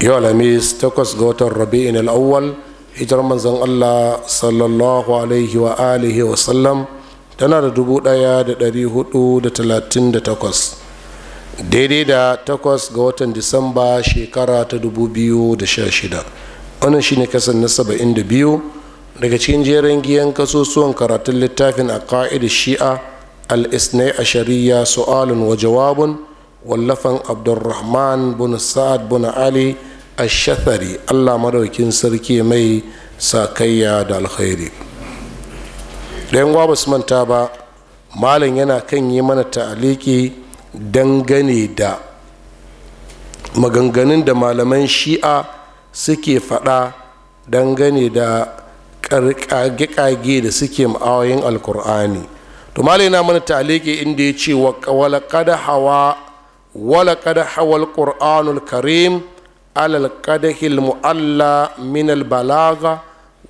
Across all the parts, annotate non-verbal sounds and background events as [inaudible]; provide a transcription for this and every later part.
yau alhamis takwas ga watan rabi'in al'awwal hijar manzon allah sallallahu alaihi wa alihi wa sallam tana da dubu daya da dari hudu da talatin da takwas daidai da takwas ga watan disamba shekara ta dubu biyu da sha shida wannan shine kasan na saba'in da biyu daga cikin jerin giyan kasusuwan karatun littafin a ka'idar shi'a al-isnai a shari'a su'alun wa jawabun wallafan abdulrahman bin sa'ad bin ali shathari allah madaukin sarki mai sakayya da alkhairi ɗayan gwa ba manta ba malin yana kan yi mana ta'aliki dangane da maganganun da malaman shi'a suke faɗa dangane da ƙage-ƙage da suke ma'awayin alkur'ani to malina mana ta'aliki inda ya ce wa kada hawa ولقد حوى القرآن الكريم على القدح المؤلى من البلاغة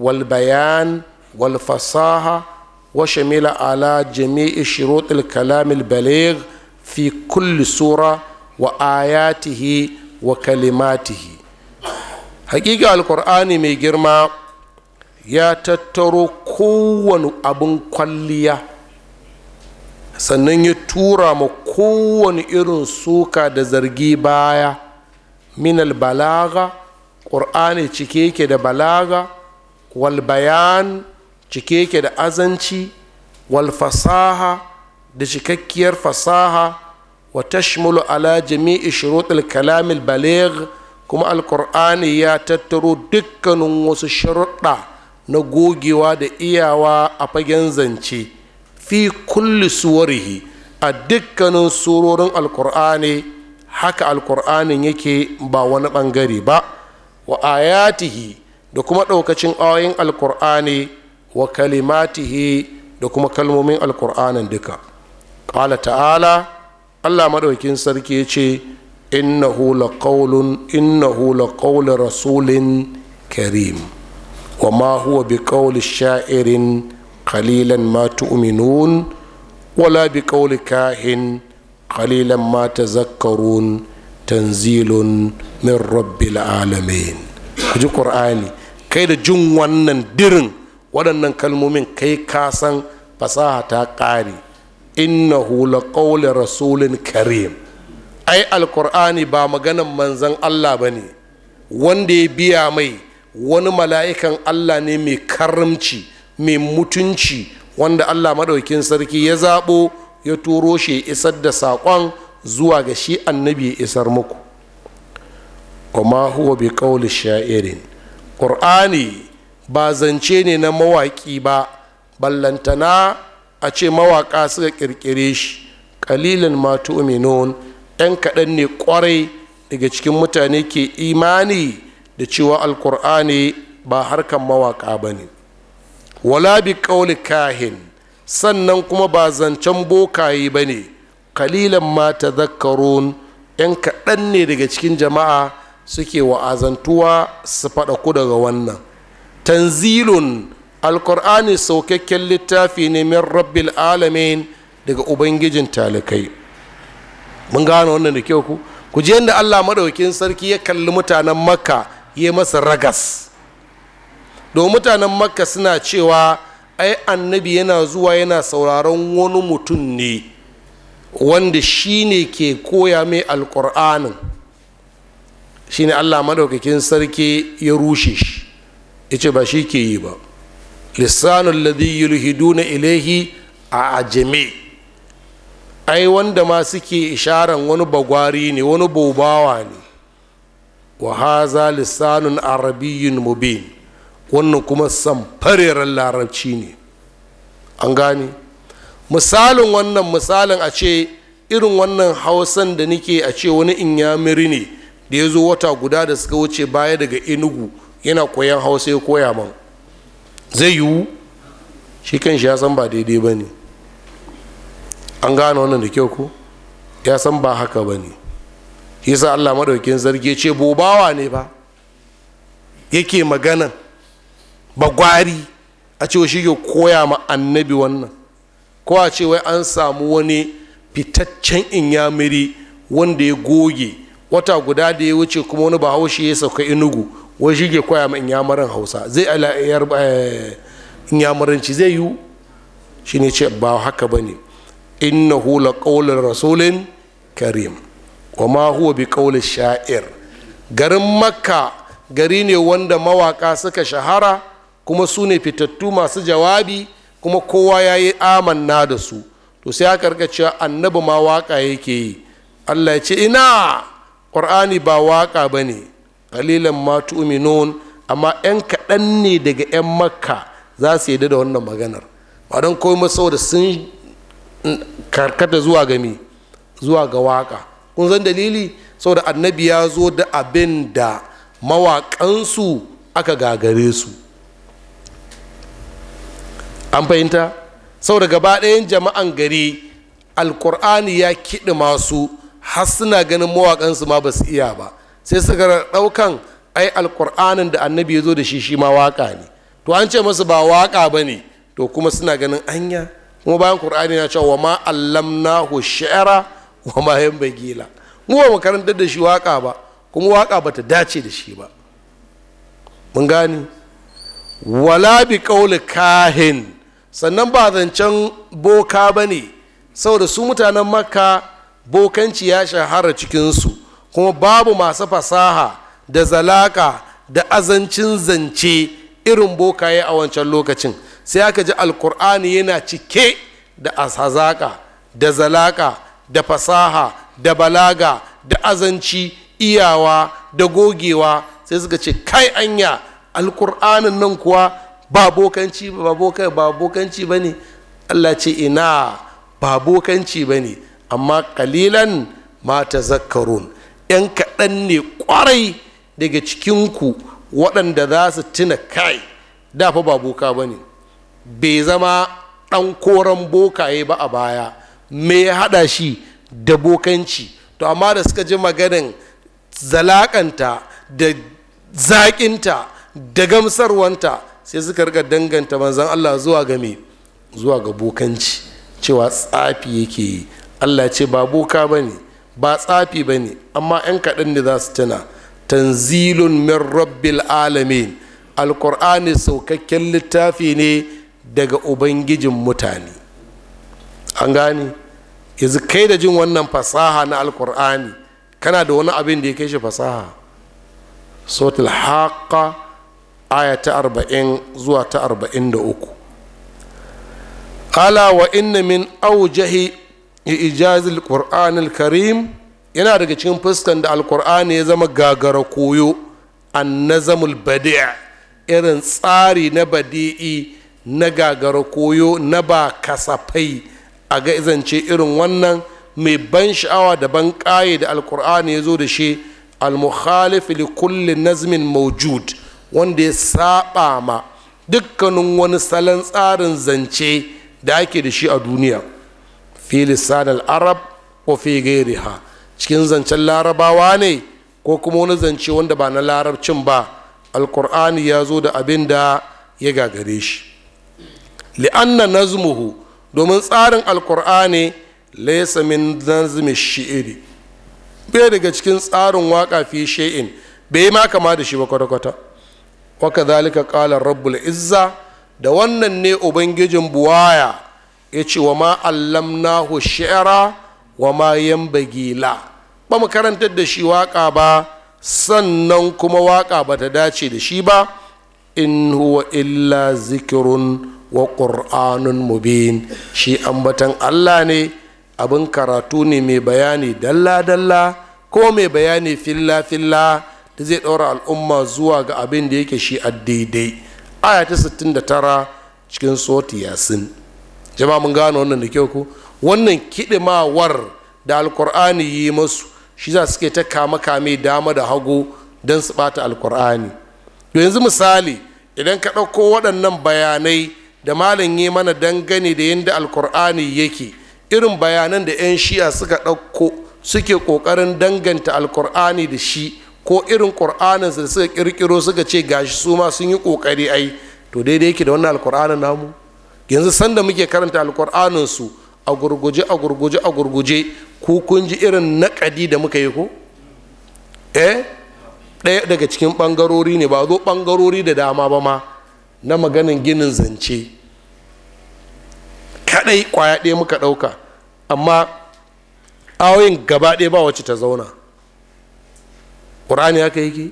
والبيان والفصاحة وشمل على جميع شروط الكلام البليغ في كل سورة وآياته وكلماته حقيقة القرآن mai girma ya tattaro أبن abin kwalliya sannan ya kowane irin suka da zargi baya minal balaga ƙur'ani cike yake da balaga wal bayan cike yake da azanci wal fasaha da cikakkiyar fasaha wa tashmulu ala jami'i shuruɗul kalamil baligh kuma alƙur'ani ya tattaro dukkanin wasu sharuɗa na gogewa da iyawa a fagen zance fi kulli suwarihi a dukkanin surorin alkur'ani haka alkur'anin yake ba wani ɓangare ba wa ayatihi da kuma ɗaukacin ayoyin alkur'ani wa kalimatihi da kuma kalmomin alkur'anin duka ƙala ta'ala allah maɗaukin sarki ce innahu laqawlun innahu laqawlu rasulin karim wa ma huwa biqawli sha'irin qalilan ma wala bi qawli kahin qalilan ma tazakkarun tanzilun min rabbil alamin ku qur'ani kai da jin wannan dirin waɗannan kalmomin kai ka san fasaha ta ƙare innahu la qawli rasulin karim ai alqur'ani ba maganan manzan Allah bane wanda ya biya mai wani mala'ikan Allah ne mai karamci mai mutunci wanda allah maɗaukin sarki ya zaɓo ya turo shi isar da saƙon zuwa ga shi annabi ya isar muku kuma huwa bi kawul sha'irin ƙur'ani ba zance ne na mawaƙi ba ballantana a ce mawaƙa suka ƙirƙire shi ƙalilan matu tu'minun 'yan kaɗan ne ƙwarai daga cikin mutane ke imani da cewa alƙur'ani ba harkan mawaƙa ba ne wala bi kauli kahin sannan kuma ba zancen bokaye ba ne kalilan ma ta zakarun yan kaɗan ne daga cikin jama'a suke wa'azantuwa su faɗa ku daga wannan tanzilun alkur'ani saukakken littafi ne min rabbil alamin daga ubangijin talakai mun gano wannan da kyau ku ku je yadda allah maɗaukin sarki ya kalli mutanen makka ya masa ragas don mutanen makka suna cewa ai annabi yana zuwa yana sauraron wani mutum ne wanda shi ne ke koya mai alƙur'anin shi ne allah maɗaukakin sarki ya rushe shi ya ce ba shi ke yi ba lissanin ladhi na ilahi a ajami ai wanda ma suke isharan wani bagwari ne wani bobawa ne wa haza lissanin arabiyyun mubin wannan kuma samfareren larabci ne an gane misalin wannan misalin a ce irin wannan hausan da nake a ce wani inyamiri ne da ya zo wata guda da suka wuce baya daga enugu yana koyan hausa ya koya man zai yiwu shi kan shi ya san ba daidai ba ne an gane wannan da kyau ko ya san ba haka ba ne yasa allah madaukin zargi ce bobawa ne ba yake maganan bagwari a cewa shi ke koya ma annabi wannan ko a ce wai an samu wani fitaccen inyamiri wanda ya goge wata guda da ya wuce kuma wani bahaushe ya sauka inugu wai shi ke koya ma inyamarin hausa zai alayar eh, inyamuranci zai yiwu shi ne ce ba haka ba ne inna hula ƙaunar rasulun karim wa ma huwa bi ƙaunar sha'ir garin makka gari ne wanda mawaka suka shahara kuma su ne fitattu masu jawabi kuma kowa ya yi amanna da su to sai aka rika cewa annabi ma waka yake yi allah ya ce ina ƙur'ani ba waka ba ne ƙalilan ma tu'minun amma 'yan kaɗan ne daga 'yan makka za su yi da wannan maganar ba don komai saboda sun karkata zuwa ga zuwa ga waka kun san dalili saboda annabi ya zo da abin da mawaƙansu aka gagare su an fahimta sau da gaba ɗayan jama'an gari alkur'ani ya kiɗi masu har suna ganin mawaƙansu ma ba su iya ba sai suka ɗaukan ai alkur'anin da annabi ya zo da shi shi ma waƙa ne to an ce masu ba waƙa ba ne to kuma suna ganin anya kuma bayan kur'ani na cewa wa ma nahu shaara wa ma yanbagila mu ba makarantar da shi waka ba kuma waka ba ta dace da shi ba mun gani wala bi kahin sannan ba zancen boka ba ne saboda su mutanen makka bokanci ya shahara cikinsu kuma babu masu fasaha da zalaka da azancin zance irin bokaye a wancan lokacin sai aka ji alkur'ani yana cike da hazaka da zalaka da fasaha da balaga da azanci iyawa da gogewa sai suka ce kai anya alkur'anin nan kuwa ba bokanci ba bokai ba bokanci ne. Allah ce ina ba bokanci bane amma kalilan mata zakkarun yan kaɗan ne kwarai daga cikinku waɗanda za su tuna kai dafa ba boka ne. bai zama ɗan koren bokaye ba a baya me ya haɗa shi da bokanci to amma da suka ji maganin zalakanta da zaƙinta da gamsarwanta sai suka rika danganta manzan Allah zuwa ga me zuwa ga bokanci cewa tsafi yake yi Allah ce ba boka ba ne ba tsafi bane amma 'yan kaɗan ne za su tana tanzilun min rabbil alamin alkur'ani saukakken littafi ne daga ubangijin mutane an gane yanzu kai da jin wannan fasaha na alkur'ani kana da wani abin da ya kai shi fasaha sautul haƙa aya ta arba'in zuwa ta arba'in da uku ala wa inna min aujahi ijazil qur'anil karim yana daga cikin fuskan da alkur'ani ya zama gagara koyo zamul badi'a irin tsari na badi'i na gagara koyo na ba kasafai a ga izance irin wannan mai ban sha'awa da ban ƙaye da alkur'ani ya zo da shi al al-mukhalif li kulli nazmin maujud. wanda ya saba ma dukkanin wani salon tsarin zance da ake da shi a duniya fi arab ko fi ha cikin zancen larabawa ne ko kuma wani zance wanda ba na larabcin ba alkur'ani ya zo da abin da ya gagare shi li'anna nazmuhu domin tsarin alkur'ani laisa min nazmi shi'iri bai daga cikin tsarin waka fi she'in bai ma kama da shi ba kwata-kwata waka zalika ƙala rabbul izza da wannan ne ubangijin buwaya ya ce wa ma allamnahu shi'ra wa ma yambagila ba mu karantar da shi waka ba sannan kuma waka ba ta dace da shi ba in huwa illa zikirun wa ƙur'anun mubin shi ambatan allah ne abin karatu ne mai bayani dalla-dalla ko mai bayani filla-filla da zai ɗora al'umma zuwa ga abin da yake shi a daidai aya ta 69 cikin soti yasin jama mun gano wannan da kyau ku wannan kidimawar da alkur'ani yi masu shi za suke ta kama kame dama da hagu don su bata alkur'ani to yanzu misali idan ka ɗauko waɗannan bayanai da malam yi mana dangane da yadda alkur'ani yake irin bayanan da 'yan shi'a suka ɗauko suke ƙoƙarin danganta alkur'ani da shi ko irin ƙur'aninsu da suka ƙirƙiro suka ce gashi su ma sun yi ƙoƙari ai to daidai yake da wannan alƙur'anin namu yanzu sanda muke karanta alƙur'aninsu a gurguje a gurguje a gurguje ko kun ji irin naƙadi da muka yi ko eh ɗaya daga cikin ɓangarori ne ba zo ɓangarori da dama ba ma na maganin ginin zance kaɗai ƙwaya ɗaya muka ɗauka amma awoyin gaba ɗaya ba wacce ta zauna ƙur'ani haka yake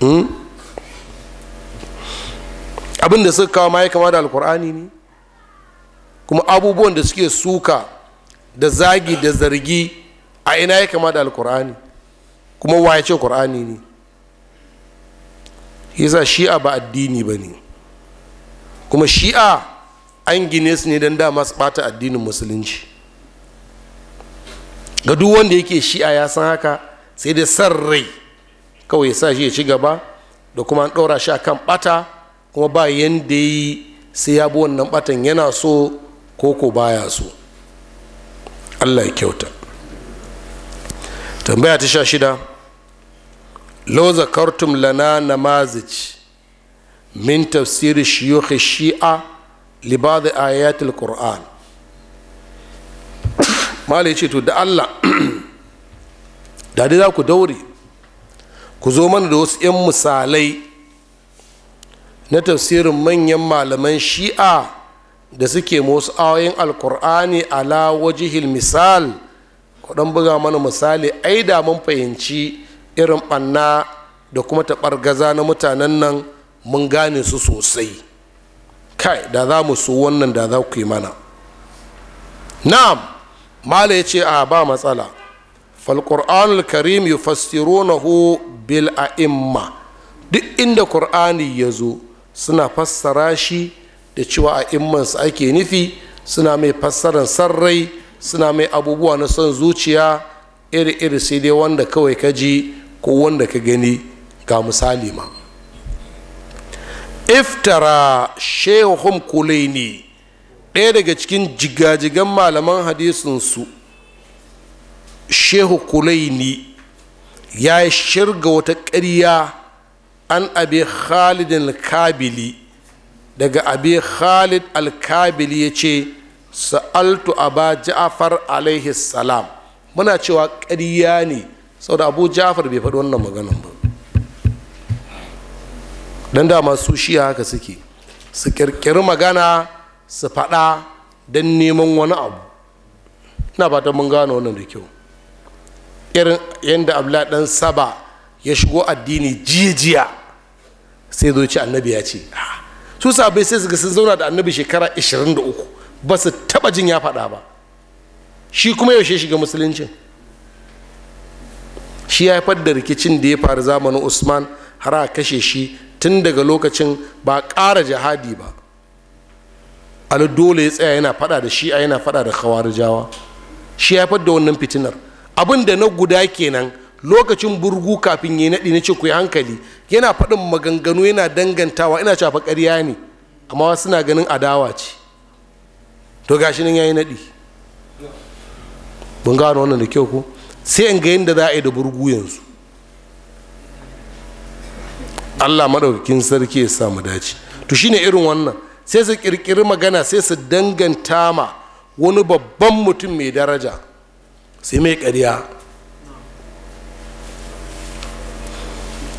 hmm? abin da suka kawo ma ya kama da alƙur'ani ne kuma abubuwan da suke suka da zagi da zargi a ina ya kama da alƙur'ani kuma waye ce Qur'ani ne yasa shi'a ba addini ba ne kuma shi'a an gine su ne don dama su ɓata addinin musulunci ga duk wanda yake shi'a ya san haka sai dai san rai kawai sa shi ya ci gaba da kuma an ɗora shi akan ɓata kuma ba yanda yi sai ya bi wannan ɓatan yana so ko ko baya so allah ya kyauta tambaya ta sha shida loza kartum lana namazic min tafsiri shiyukh shi'a libada ba'd ayatil qur'an malai ce to da allah [clears throat] da dai za ku daure ku zo mana da wasu 'yan misalai na tafsirin manyan malaman shi'a da suke wasu ayoyin alkur'ani ala wajihil misal kudan buga mana misali ai da mun fahimci irin ɓanna da kuma taɓargaza na mutanen nan mun gane su sosai kai da za mu su wannan da za ku yi mana na'am mala ya ce a ba matsala فالقرآن الكريم يفسرونه بالأئمة duk inda ƙur'ani ya zo suna fassara shi da cewa a immansu ake nufi suna mai fassarar sarrai suna mai abubuwa na son zuciya iri-iri sai dai wanda kawai ka ji ko wanda ka gani ga misali ma iftara shehun kulaini ɗaya daga cikin jigajigan malaman hadisinsu shehu kulaini ya shirga wata ƙarya an abi khalid al-kabili daga abi khalid al-kabili ya ce sa'altu aba ja'far alaihi salam muna cewa ƙarya ne saboda abu ja'far bai faɗi wannan maganan ba don da masu shiya haka suke su ƙirƙiri magana su faɗa don neman wani abu ina fatan mun gano wannan da kyau irin yadda abla dan saba ya shigo addini jiya-jiya sai zo ci annabi ya ce su sabai sai su ga sun zauna da annabi shekara 23 ba su taba jin ya faɗa ba shi kuma yaushe shiga musuluncin shi ya haifar da rikicin da ya faru zamanin usman har a kashe shi tun daga lokacin ba kara jihadi ba ali dole ya tsaya yana faɗa da Shi'a yana faɗa da khawarijawa shi ya haifar da wannan fitinar abin da na guda kenan lokacin burgu kafin ya naɗi na ce ku hankali yana faɗin maganganu yana dangantawa ina cafa ƙarya ne amma suna ganin adawa ce to gashi nan ya yi naɗi mun gano wannan da kyau ko sai in ga yadda za a yi da burgu yanzu allah maɗaukakin sarki ya samu dace to shine irin wannan sai su ƙirƙiri magana sai su danganta ma wani babban mutum mai daraja sai mai ƙarya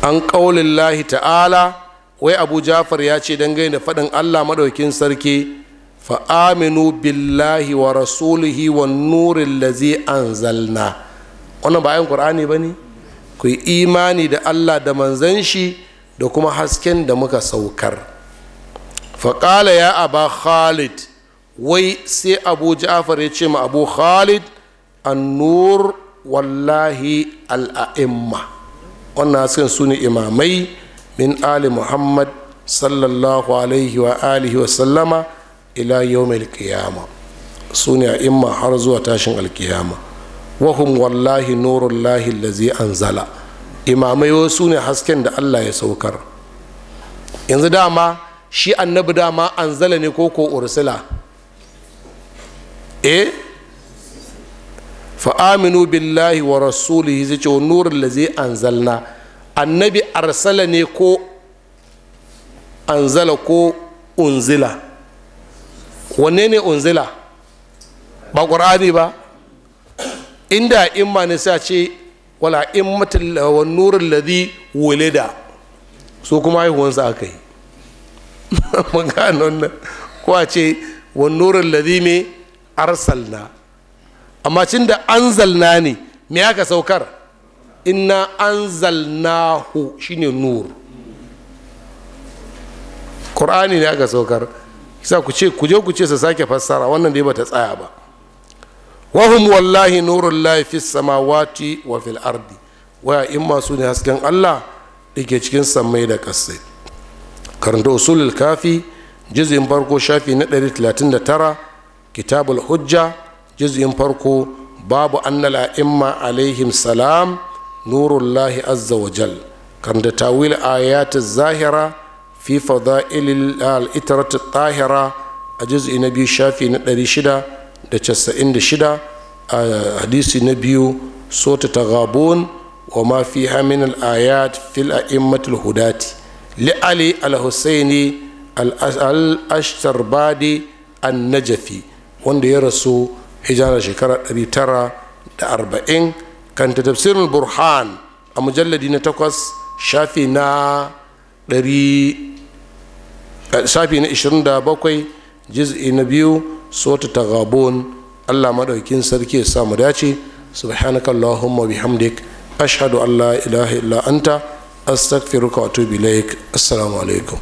an ƙaunin lahi ta'ala wai abu jafar ya ce dangane da faɗin allah maɗaukin sarki fa'aminu billahi wa rasulihi wa nurin lazi an zalna wannan bayan ƙur'ani ba ne ku yi imani da allah da manzan shi da kuma hasken da muka saukar faƙala ya aba khalid wai sai abu ja'far ya ce ma abu khalid annur wallahi al'a'imma wannan hasken su imamai min ali muhammad sallallahu alaihi wa alihi wa sallama ila yawmil qiyama su ne a'imma har zuwa tashin alkiyama wahum wallahi nurullahi an anzala imamai wasu ne hasken da allah ya saukar yanzu dama shi annabi dama anzala ne ko ko ursula eh fa aminu billahi wa rasulihi zai ce nurin an anzalna annabi arsala ne ko anzala ko unzila wanne ne unzila ba ƙur'ani ba inda imma ne sa ce wala immatul wa nurin lazi wulida su kuma haihuwansa aka yi [laughs] mun gano nan ko a ce wa nurin zai me arsalna amma cin da anzalna ne me aka saukar inna anzalnahu shine nur qur'ani ne aka saukar kisa ku ce ku je ku ce su sake fassara wannan dai bata tsaya ba wahum wallahi nurul lahi fis samawati wa fil waya in masu ne hasken Allah da ke cikin sammai da kasai karanta usulul kafi jizin farko shafi na 139 kitabul hujja juz'in farko babu annala a'imma alaihim salam nurullahi azza wa jal kan da tawil ayatu zahira fi fadailil al a juz'i na biyu shafi na shida a hadisi na biyu sota tagabun wa ma fi hamin al-ayat fil a'immatul hudati li ali al-husaini al-ashtarbadi wanda ya rasu hijira shekara 940 arba'in kanta tafsirin burhan a mujalladi na takwas shafi na 27 eh, jiz'i na biyu sota ta gabon allah maɗaukin sarki ya samu dace subhanaka allahumma bihamdik ashhadu an la ilaha illa anta astaghfiruka wa atubu ilaik assalamu alaikum